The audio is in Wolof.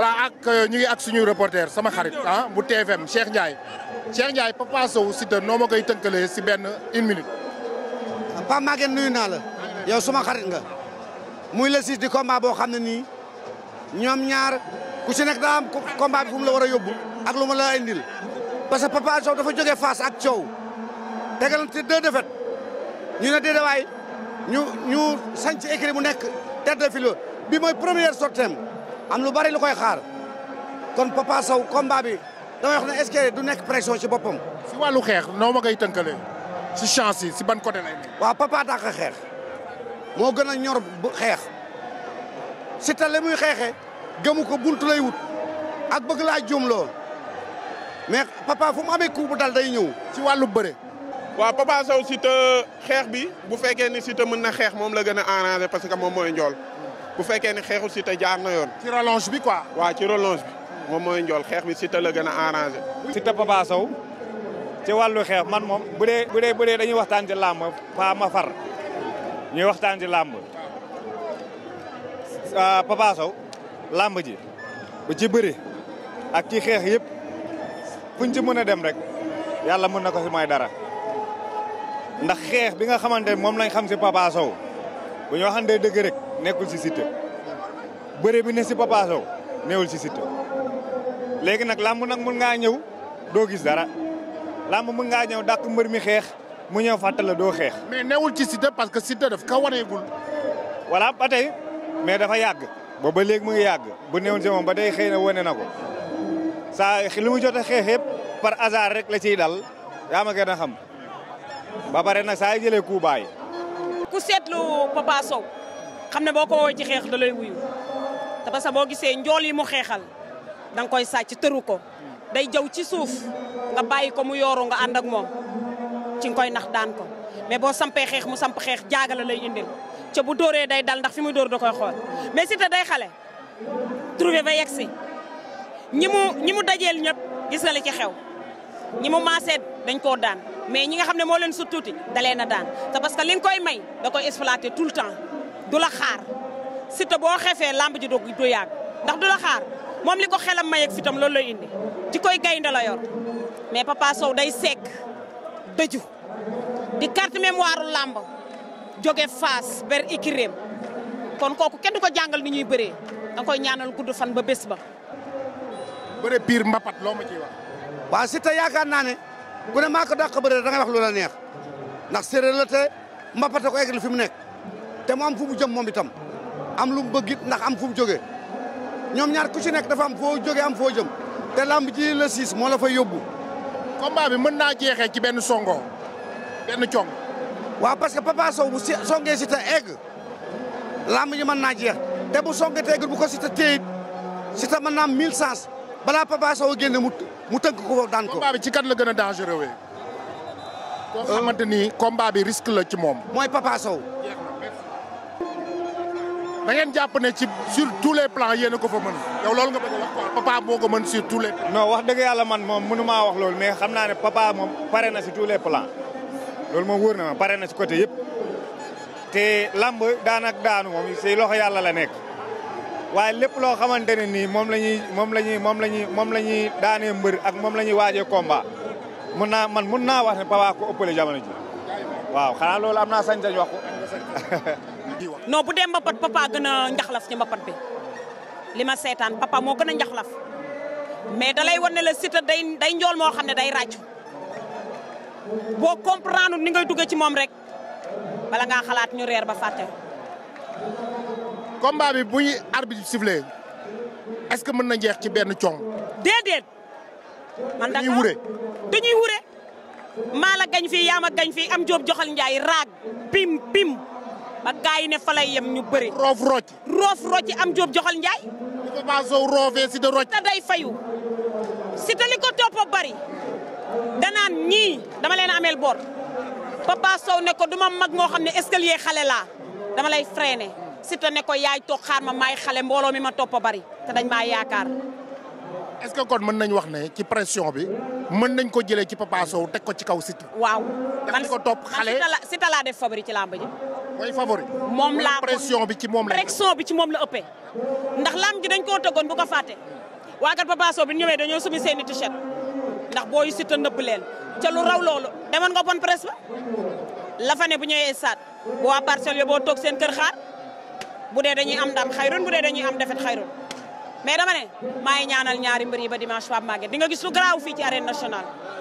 voilà ak euh, ñu ngi ak suñu reporter sama xarit ah bu TFM Cheikh Ndiaye Cheikh Ndiaye Papa Sow Siteu noo ma koy tënkalee si benn une minute. Pape Maguette nuyu naa la yaw sama xarit nga muy le si di combat boo xam ne nii ñoom ñaar ku ci nekk daa am combat bi fu mu la war a yóbbu ak lu ma la indil parce que Papa Sow dafa jógee face ak coow tegalante deux défaites ñu ne déedéet waay ñu ñu sànci écrit mu nekk tête de bi mooy première sortie am lu bari lu koy xaar kon Papa Sow combat bi damay wax ne est du nekk pression si boppam. si wàllu xeex noo ma koy tënkalee si chance si ban côté lay waa waaw Papa dàq xeex moo gën a ñor bu xeex si te muy xeexe gëmu ko buntu wut ak bëgg laa juumloo mais Papa fu mu amee coup dal day ñëw. si wàllu bëre. waa Papa Sow si te xeex bi bu fekkee ni si te mën na xeex moom la gën a arrangé parce que moom mooy njool. bu fekkee ne xeexu Siteu jaar na yoon. ci relance bi quoi. waa ci relance bi moom mooy njool xeex bi Siteu la gën a arrangé. Siteu Papa Sow ci wàllu xeex man moom bu dee bu dee bu dañuy waxtaan ci làmb pa ma far ñuy waxtaan ci làmb ah, làmb ji bu ci bëri ak ci xeex yëpp fuñ ci mën a dem rek yàlla mën na ko si may dara ndax xeex bi nga xamante moom lañ xam si Papa bu ñu waxantee dëgg rek nekkul si Siteu bëre bi ne si Papa Sow newul si Siteu léegi nag làmb nag mun ngaa ñëw doo gis dara làmb mun ngaa ñëw dàq mbër mi xeex mu ñëw fàttala doo xeex. mais newul ci Siteu parce que Siteu daf ka waneegul. voilà ba tey mais dafa yàgg. ba ba léegi mu ngi yàgg bu newul si moom ba tey xëy na wane na ko saa li mu jot a xeex yëpp par hasard rek la ciy dal yaa ma gën a xam ba pare nag saa jëlee kuubaay. ku seetlu Papa Sow xam ne boo ko woowee ci xeex da lay wuyu te parce boo gisee njool yi mu xeexal danga nga koy sàcc tëru ko day jaw ci suuf nga bàyyi ko mu yooru nga ànd ak moom ci nga koy nax daan ko mais boo sampee xeex mu samp xeex jaaga lay indil ca bu dóoree day dal ndax fi muy dóor da koy xool mais si te day xale trouvé ba yegg si ñi mu ñi mu dajeel ñëpp gis nga li ci xew ñi mu maasee dañ koo daan mais ñi nga xam ne moo leen sut tuuti dalee na daan te parce que li nga may da koy exploité tout le temps du la xaar Siteu boo xefee lamb ji doo du yàgg ndax du la xaar moom li ko xelam may ak fitam loolu lay indi ci koy gaynde la yor mais Papa Sow day sekk dëju di carte mémoire lamb jóge faas ber ikiréem kon kooku kenn du ko jàngal ni ñuy bëree da koy ñaanal gudd fan ba bés ba. bëre biir mbapat loo ma ciy wax. waa Siteu yaakaar naa ku ne maa ko dàq bëre da wax lu la neex ndax séeréer la te mbappate ko eggal fi mu nekk te mu am fu mu jëm moom tam am lu mu bëgg it ndax am fu mu jógee ñoom ñaar ku ci nekk dafa am foo jógee am foo jëm te lamb ji la siis moo la yóbbu. combat bi mën naa jeexee ci benn songo benn cong. waaw parce que Papa Sow bu si songee si te egg lamb ji mën naa jeex te bu songee te eggul bu ko si te téyit si ta mën naa am mille balaa Papa Sow génne mu mu tënk ko foofu daan ci kan la gën a dangereux wee. ni combat bi risque la ci moom. mooy Papa Sow. da ngeen jàpp ne ci sur tous les plans yéen ko fa mën yow loolu nga a wax papa moo ko mën sur tous les. non wax dëgg yàlla man moom mënu maa wax lool mais xam naa ne papa moom pare na si tous les plans loolu moom wóor na ma pare na si côté yëpp te lamb daanak daan moom si loxo yàlla la nekk. waaye lépp loo xamante ne nii moom la ñuy moom la ñuy moom la ñuy moom la ñuy daanee mbër ak moom la ñuy waajee komba mun naa man mun naa wax ne Papa ko ëppale jamono waaw xanaa loolu am naa sañ-sañ wax ko. bu dee mbapat Papa gën a njaxlaf ci mbapat bi li ma seetaan Papa moo gën a njaxlaf mais da lay wan ne la Siteu day day njool moo xam ne day ràcc boo comprendre ni ngay duggee ci moom rek bala ngaa xalaat ñu reer ba fàtte combat bi bu ñu arbitre sifflé est-ce que mën na jeex ci benn cong. déedéet. man dañuy wure dañuy wure. maa la gañ fi yaa ma gañ fii am joob joxal njaay raag pim pim ba gaay yi ne fa lay yem ñu bëri. roof rocc. roof rocc am joob joxal njaay. li ko Papa si de rocc. te day fayu si da li ko topp bari danaan ñii dama leen ameel bor Papa Sow ne ko du ma mag moo xam ne escalier xale laa dama lay freiné. Siteu ne ko yaay toog xaar ma maay xale mbooloo mi ma topp bari te dañ maa yaakaar. est-ce que kon mën nañ wax ne ci pression bi mën nañ ko jëlee ci Papa Sow teg ko ci kaw Siteu. waaw man ko topp xale Siteu laa def favori ci làmb ji. mooy favori. moom laa pression bi ci moom la pression bi ci moom la ëppee. ndax làmb ji dañ koo tëggoon bu ko fàtte. waa kat Papa Sow bi ñëwee dañoo sumi seeni t-shirt ndax booyu Siteu nëbb leen ca lu raw loolu. demoon nga bonne presse ba la fa ne bu ñëwee stade bu waa boo toog seen kër xaar. bu dee dañuy am ndam xayrun bu dee dañuy am defet xayrun mais dama ne maa ngi ñaanal ñaari mbër yi ba dimanche Pape Maguette di nga gis lu garaaw fii ci arène nationale